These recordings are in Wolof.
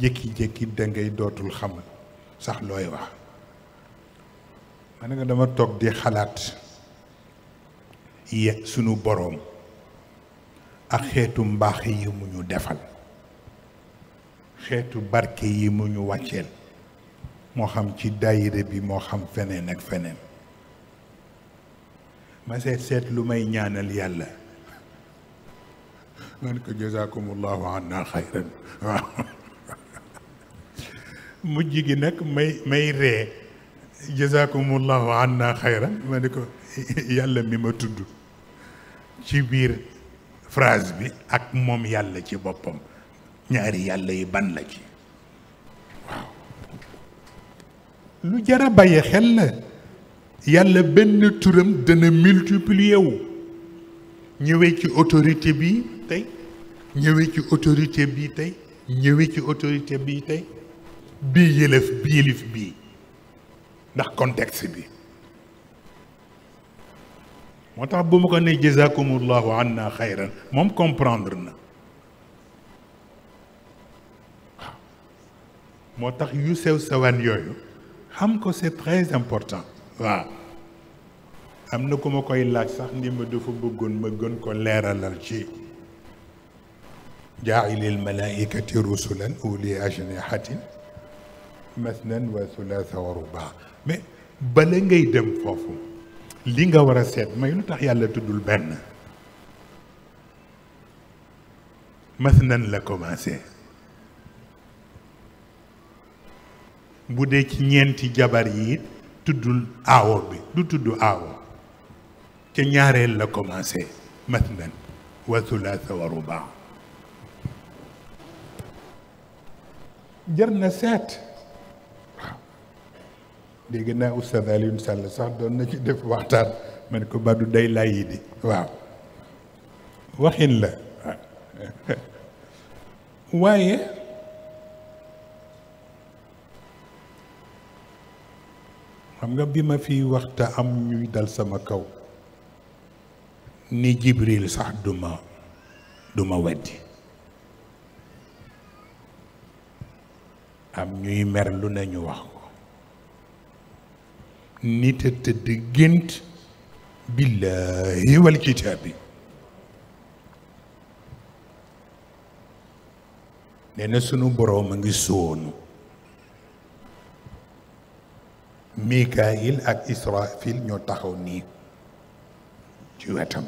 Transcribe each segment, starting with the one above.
jékki-jékki dangay dootul xam sax looy wax man ne nga dama toog di xalaat ye sunu boroom ak xeetu mbaax yi mu ñu defal xeetu barke yi mu ñu wàcceel moo xam ci daayira bi moo xam feneen ak feneen ma seet seet lu may ñaanal yàlla man ko jazakumullahu anna xayran waaw mujj gi nag may may ree jazakumullahu anna xayra ma ne ko yàlla mi ma tudd ci biir phrase bi ak moom yàlla ci boppam ñaari yàlla yi ban la ci lu jara bàyyi xel la yàlla benn turam dana multiplier wu ñëwee ci autorité bi tey ñëwee ci autorité bi tey ñëwee ci autorité bi tey bii yëlëf bii yëlif bii ndax contexte bi moo tax bu ma ko ne jazakumullahu anna xayran moom comprendre na waaw moo tax yu sew sewaan yooyu xam ko c'est très important waaw am na ku ma koy laaj sax ni ma dafa bëggoon ma gën ko leeralal ci jaa'ilil malaikati rusulan uli ajnihatin masnan wa sulaasa wa rubaa mais bala ngay dem foofu li nga war a seet may lu tax yàlla tuddul benn masnan la commencé bu dee ci ñeenti jabar yi tuddul aawo bi du tudd aawo ca ñaareel la commencé masnan wa sulaasa wa rubaa jar na seet dégg naa oustaz Alioune Sall sax doon na ci def waxtaan ma ne ko Badou day layi di waaw waxin la waaye xam nga bi ma fi waxta am ñuy dal sama kaw ni Jibril sax du ma du ma weddi am ñuy mer lu ne ñu wax ko nit a tëdd gént billaahi wal kitaabi nee sunu boroom a ngi soonu Mikaayil ak Israfil ñoo taxaw nii ci wetam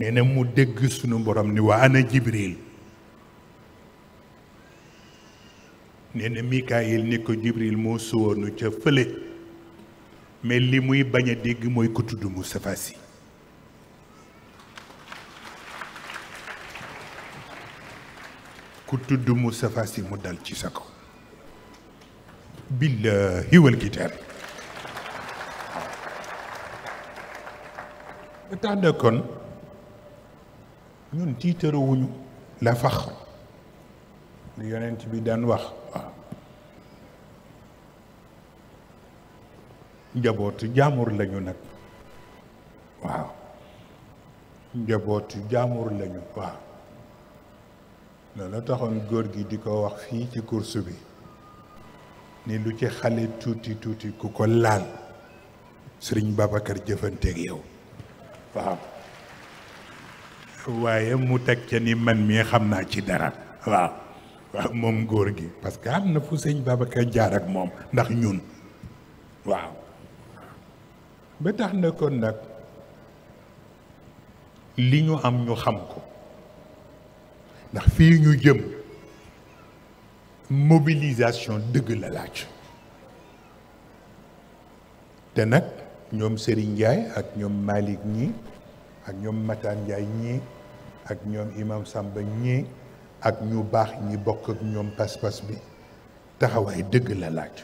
nee na mu dégg sunu boroom ni waa ana Jibril nee na Mikaayil ni ko Jibril moo suwoonu ca fële mais li muy bañ a dégg mooy ku tudd Moustapha Sy ku tudd mu dal ci sa kaw billaahi wal kitaab ba tax ñun tiitaruwuñu la fax lu yonent bi daan wax njabootu jaamur lañu nag waaw njabootu jaamur lañu waaw loolu taxoon góor gi di ko wax fii ci course bi ni lu ci xale tuuti tuuti ku ko laal sëriñ Babacar jëfanteeg yow waaw waaye mu teg ca ni man mii xam naa ci dara waaw moom góor gi parce que am na fu sëñ Babacar jaar ak moom ndax ñun waaw ba tax na kon nag li ñu am ñu xam ko ndax fii ñu jëm mobilisation dëgg la laaj te nag ñoom Serigne njaay ak ñoom Malick ñi ak ñoom Matane Ndiaye ñi ak ñoom Imam sàmba ñi ak ñu baax ñi bokk ñoom pas-pas bi taxawaay dëgg la laaj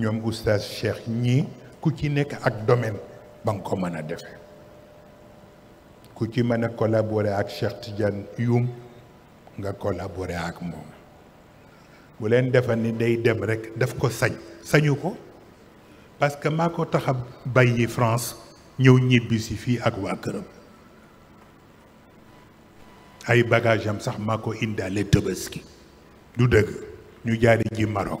ñom oustaz Cheikh ñi ku ci nek ak domaine ba nga ko mën a ku ci mën collaborer ak Cheikh Tidiane Youm nga collaborer ak moom bu len defal ni day dem rek daf ko sañ sañu ko parce que mako taxam tax France ñew ñibbi si fii ak wa këram ay bagage am sax mako ko indaale Tabaski du deug ñu jaari ji Maroc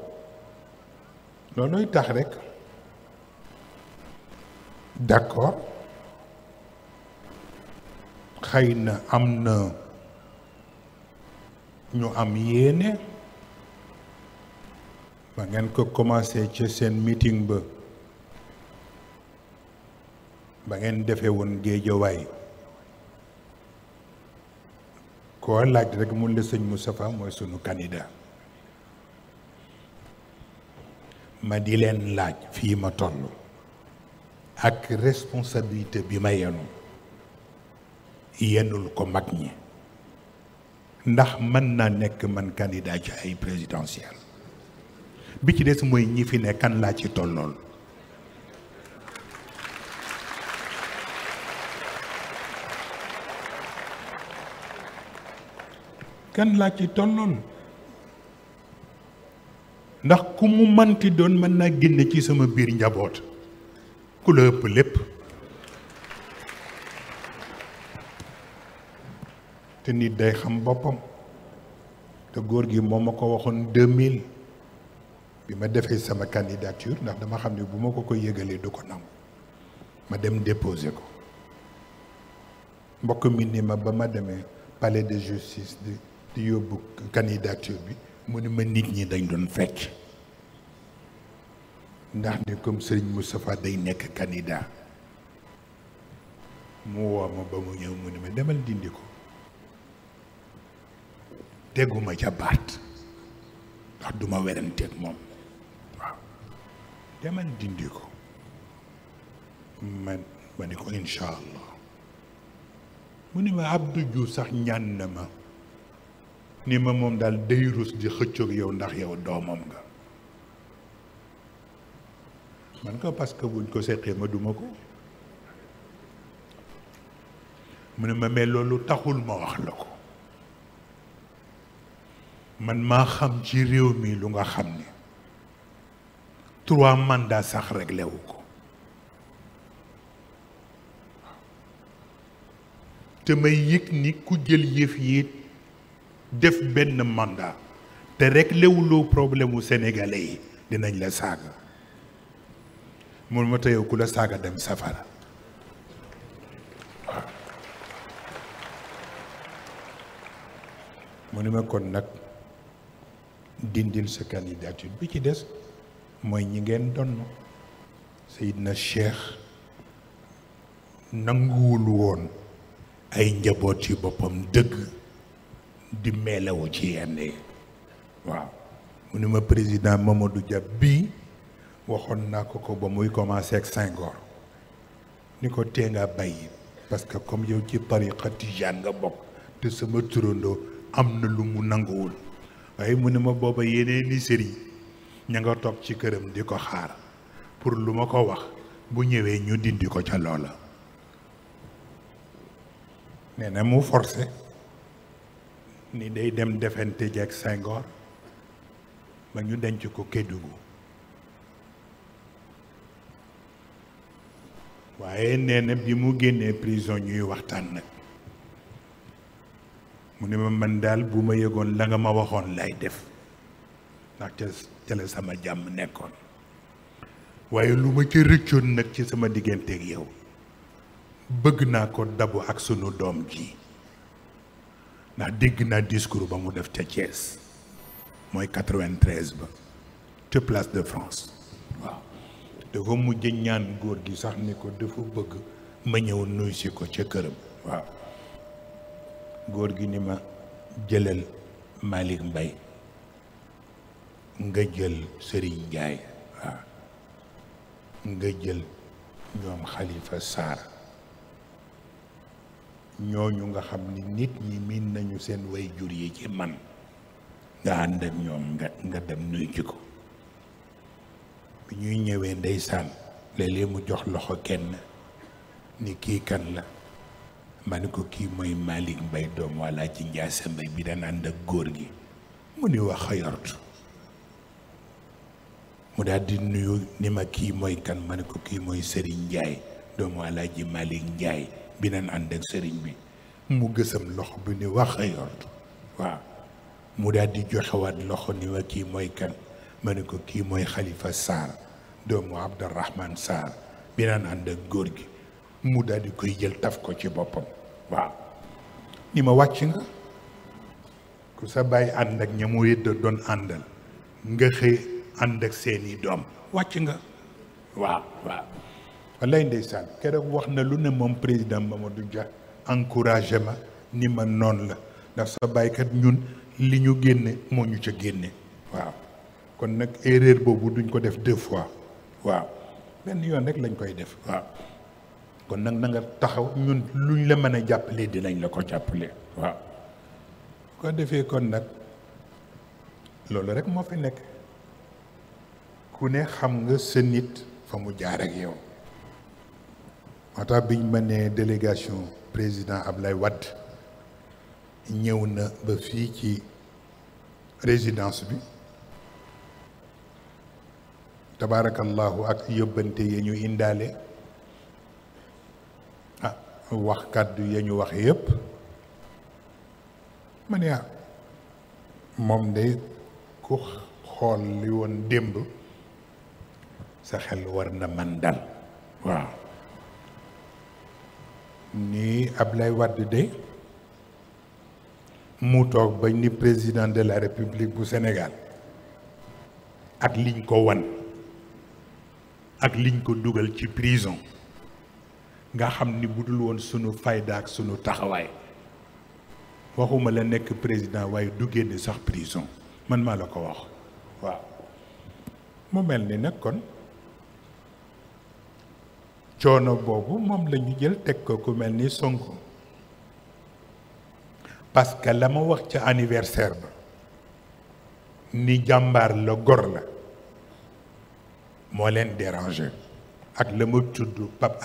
looluy tax rek d'accord xëy na am na ñu am yéene ba ngeen ko commencé ci seen meeting ba ba ngeen defee woon géejawaay koo laaj rek mun la sëñ Moustapha mooy sunu candidat ma di leen laaj fii ma toll ak responsabilité bi ma yenu yenul ko mag ñi ndax mën na nekk man candidat ci ay présidentielle bi ci des mooy ñi fi ne kan laa ci tollool kan laa ci tollool ndax ku mu manti doon mën naa génne ci sama biir njaboot ku la ëpp lépp te nit day xam boppam te góor gi moom ma ko waxoon 2000 bi ma defee sama candidature ndax dama xam ne bu ma ko koy yëgalee du ko nangu ma dem déposer ko mbokk mi ni ma ba ma demee palais de justice di di yóbbu candidature bi mu ni ma nit ñi dañ doon fecc ndax ni comme sëriñ Moustapha day nekk candidat mu woo ma ba mu ñëw mu ni ma demal dindi ko teguma ca baat ndax duma weranteeg moom waaw demal dindi ko man ma ni ko incha allah mu ni ma Abdou Diouf sax ñaan ma ni ma moom daal day rus di xëccoog yow ndax yow doomam nga man ko parce que buñ ko seqee ma duma ko mu ne ma mais loolu taxul ma wax la ko man maa xam ci réew mi lu nga xam ni trois mandats sax rek lewu ko te may yëg ni ku jël yëf yi def benn mandat te rekk léwuloo problème wu sénégalais yi dinañ la saaga mun ma tëyew ku la saaga dem safara waaw nag dindil sa candidature bi ci des mooy ñi ngeen donn Seydina Cheikh nanguwul woon ay njaboot ci boppam dëgg di meelewu ci yenn yi waaw mu ni ma président du Dia bi waxoon naa ko ko ba muy commencé ak Senghor ni ko tee nga bàyyi parce que comme yow ci tariqa tijaan nga bokk te sama turandoo am na lu mu nanguwul waaye mu ne ma booba yeneen i yi ña nga toog ci këram di ko xaar pour lu ma ko wax bu ñëwee ñu dindi ko ca loola nee na mu forcé ni day dem defante ji ak Senghor ba ñu denc ko Kédougou waaye nee bi mu génnee prison ñuy waxtaan nag mu ne ma man daal bu ma yëgoon la nga ma waxoon lay def ndax ca la sama jàmm nekkoon waaye lu ma ci rëccoon nag ci sama diggante ak yow bëgg naa ko dabu ak sunu doom ji ndax dégg naa discours ba mu def ca Thiès mooy 93 ba te place de France waaw dafa mujj ñaan góor gi sax ni ko dafa bëgg ma ñëw nuyu si ko ca këram waaw góor gi ni ma jëlal Malick mbay nga jël Serigne Ndiaye waaw nga jël ñoom Khalifa Sarr ñooñu nga xam ni nit ñi miin nañu seen way jur yi ci man nga ànd ñoom nga nga dem nuy ci ko bi ñuy ñëwee ndeysaan léeg-léeg mu jox loxo kenn ni kii kan la ma ne ko kii mooy Malick Mbaye doom walla ci njaase mbay bi daan ànd góor gi mu ni wax a yort mu daal nuyu ni ma kii mooy kan ma ni ko kii mooy Serigne Ndiaye doomu Alaaji Malick Ndiaye binen ande sering bi mu gësam loxo bi ni wax a yor waaw mu daal di wat loxo ni wa ki mooy kan maniko ki ko khalifa sar do mu abdurrahman sar binen ande naan gi mu di koy jël taf ko ci bopam wa ni ma wacc nga ku sa bay ànd ak ña mu yëdda doon nga xey ànd seeni dom wacc nga wa wa wallaay ndeysaan keroog wax na lu ne moom président Mamadou Dia encouragé ma ni ma noonu la ndax sa baykat ñun li ñu génne moo ñu ca génne waaw kon nag erreur boobu duñ ko def deux fois waaw benn yoon rek lañ koy def kon nag na nga taxaw ñun luñ la mën a jàppalee dinañ la ko jàppalee waaw ko defee kon nag loolu rek moo fi nekk ku ne xam nga sa nit fa mu jaar ak yow moo biñ biñ mënee délégation président Ablaye Wade ñëw na ba fii ci résidence bi tabaarakallahu ak yóbbante ya ñu indaale ah wax kàddu ya ñu wax yépp ma ne ah, moom de ku xool li woon démb sa xel war na man dal waaw ni Ablaye Wade de mu tok bañ ni président de la république du Sénégal ak liñ ko wan ak liñ ko dugal ci prison nga xam ni budul won suñu fayda ak suñu taxaway waxuma la nek président wa du génne sax prison man ma la ko wax waaw mu melni nak kon coono boobu moom lañu jël teg ko ku ni Sonko parce que la ma wax ci anniversaire ni jàmbaar la gor la moo leen dérangé ak la ma tudd Pape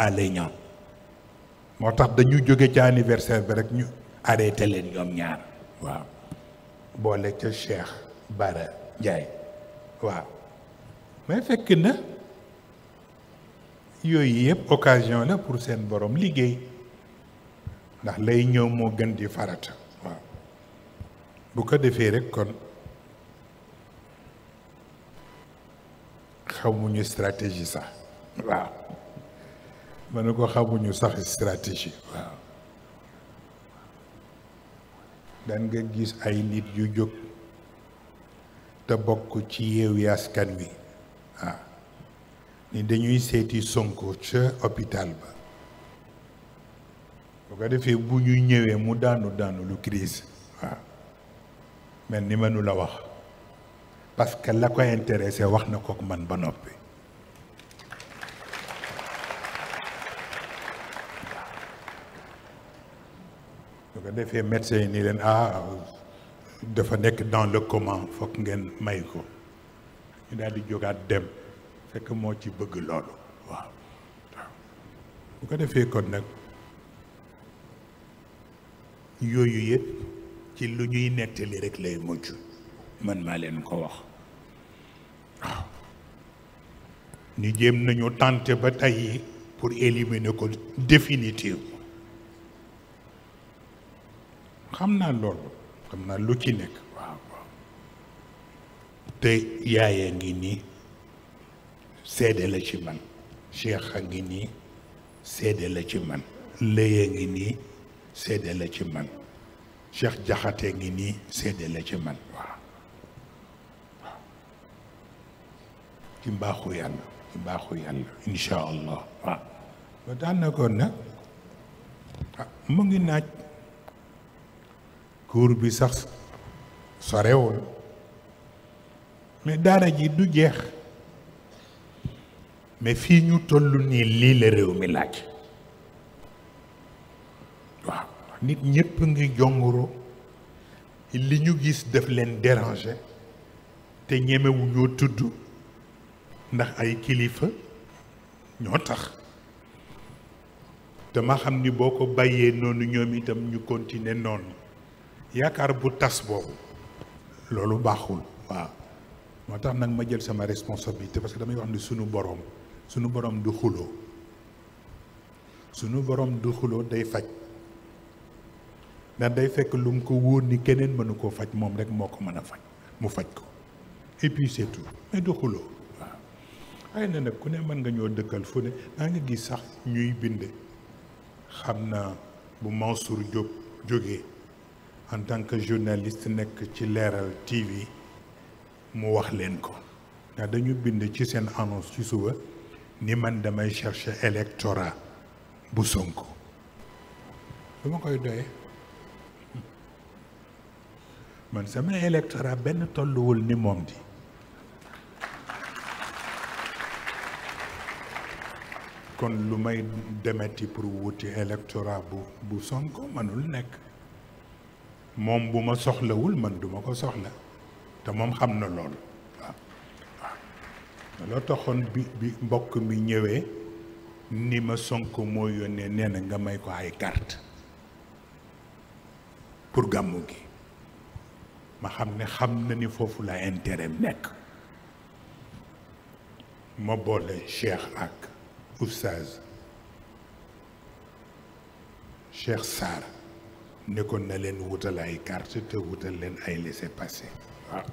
moo tax dañu anniversaire rek ñu ñaar waaw Cheikh Bara waaw mais fekk na yooyu yëpp occasion la pour seen borom liggéey ndax lay ñëw moo gën di farata waaw bu ko defee rekk kon xamuñu stratégie sax waaw ma ne ko xamuñu sax stratégie waaw dan nga gis ay nit yu jóg te bokk ci yeewi askan wi ni dañuy séti Sonko ca hôpital ba boo ko defee bu ñu ñëwee mu daanu daanu lu crise wa mel ni mënu la wax parce que la ko intéressé wax na ko man ba noppi boo ko defee médecin ni len leen ah dafa nekk dans le comment fokk ngeen may ko ñu daal di jógaat dem rek moo ci bëgg loolu waaw bu ko defee kon nag yooyu yëpp ci lu ñuy nettali rekk lay mujj man maa leen ko wax waaw ni jéem nañu tenter ba tey pour éliminer ko définitivement xam naa loolu xam naa lu ci nekk waaw waaw te yaaya ngi nii seede la ci man cheikh a ngi nii seede la ci man lëya ngi nii seede la ci man cheikh jaxate ngi nii seede la ci man waaw waaw ci mbaaxu yàlla ci mbaaxu yàlla incha allah waaw ah, mu ngi naaj kuur bi sax sorewul mais daara ji du jeex mais fi ñu toll nii lii la réew mi laaj waaw nit ngi jongoro li ñu gis def leen déranger te ñemewu ñoo tudd ndax ay kilifa ñoo tax dama xam ni boo ko bàyyee ñoom itam ñu bu ma jël sama responsabilité parce que damay wax ni si borom du xuloo sunu borom du xuloo day faj ndax day ko ni keneen rek mu ko et puis c'est tout mais du xuloo waaw. na nag ne mën nga ñoo dëkkal fu nga gis sax ñuy binde bu Mansour Diop en tant que journaliste nekk ci TV mu wax ko dañu ci annonce ni man damay chercher électorat bu Sonko lu ma koy doyee man sama électorat benn tolluwul ni moom di kon lu may demeti pour wuti électorat bu bu Sonko mënul nekk moom bu ma soxlawul man duma ko soxla te moom xam na lool loo taxoon bi bi mbokk mi ñëwee ni ma sonk moo yónnee nee na nga may ko ay carte pour gàmmu gi ma xam ne xam na ni foofu la intérêt nekk ma boole Cheikh ak oustaz Cheikh Sarr ne ko na leen wutal ay carte te wutal leen ay laissez-passer waaw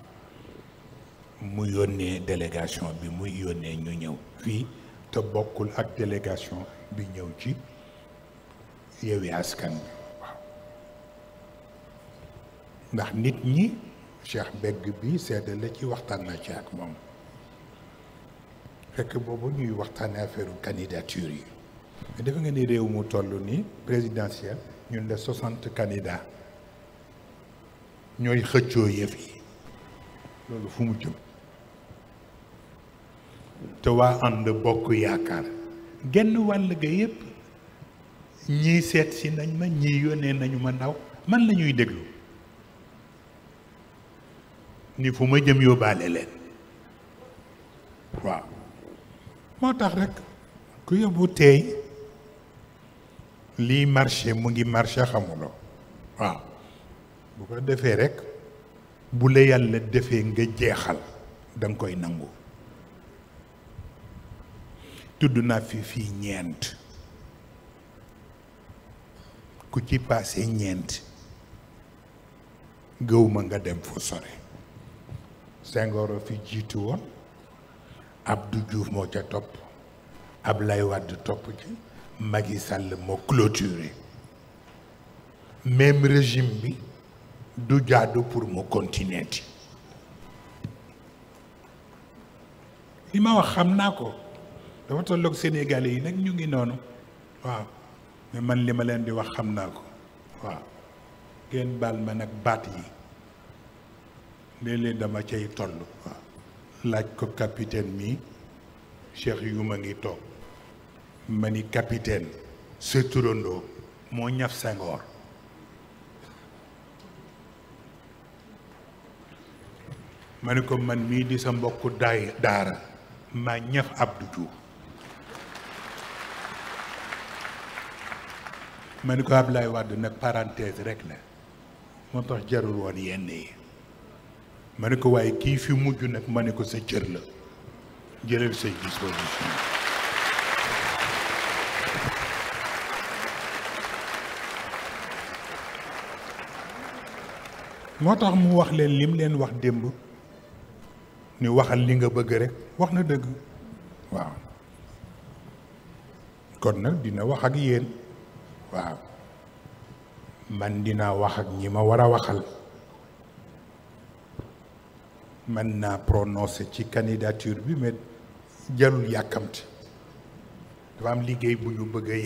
mu yónnee délégation bi mu yónnee ñu ñew fi te bokkul ak délégation bi ñew ci Yewwi Askan ndax nit ñi Cheikh Begg bi seede la ci waxtaan na ci ak mom fekk bobu ñuy waxtaane affaire candidature yi mais defe nga ni réew mu tollu ni présidentiel ñun le soixante candidats ñoy xëccoo yëf yi loolu fu mu jëm te waa ànd bokk yaakaar genn wàll ga yépp ñii seet si nañ ma ñii yónnee nañu ma ndaw man la ñuy déglu ni fu ma jëm yóbbaale leen waaw moo tax rek ku yóbbu teey lii marché mu ngi marché xamuloo waaw bu ko defee rek bu la yàlla defee nga jeexal danga koy nangu tudd naa fi fii ñeent ku ci paase ñeent géwma nga dem fu sore Senghor fi jiitu woon Abdou Diouf moo ca topp Ablaye Wade topp ci Macky Sall moo clôturé même régime bi du jaadu pour mu continuer li ma wax xam naa ko dafa tolloog Sénégalais yi nag ñu ngi noonu waaw mais man li ma leen di wax xam naa ko waaw ngeen baal ma nag baat yi léeg-léeg dama cay toll waaw laaj ko capitaine mi Cheikh yu ma ngi toog ma ni capitaine sa moo ñaf Senghor ma ni ko man mii di sa mbokku daay daara maa ñaf Abdou Diouf ma ni ko Ablaye Wade nag parenthèse rek la moo tax jarul woon yenn yi ma ne ko waaye kii fi mujj nag ma ne ko sa cër la jëlal say disposition moo tax mu wax leen lim leen wax démb ni waxal li nga bëgg rek wax na dëgg waaw kon nag dina wax ak yéen waaw man dinaa wax ñi ma war a waxal mën naa prononcer ci candidature bi mais jarul yàkkamti dafa am liggéey bu ñu bëgg a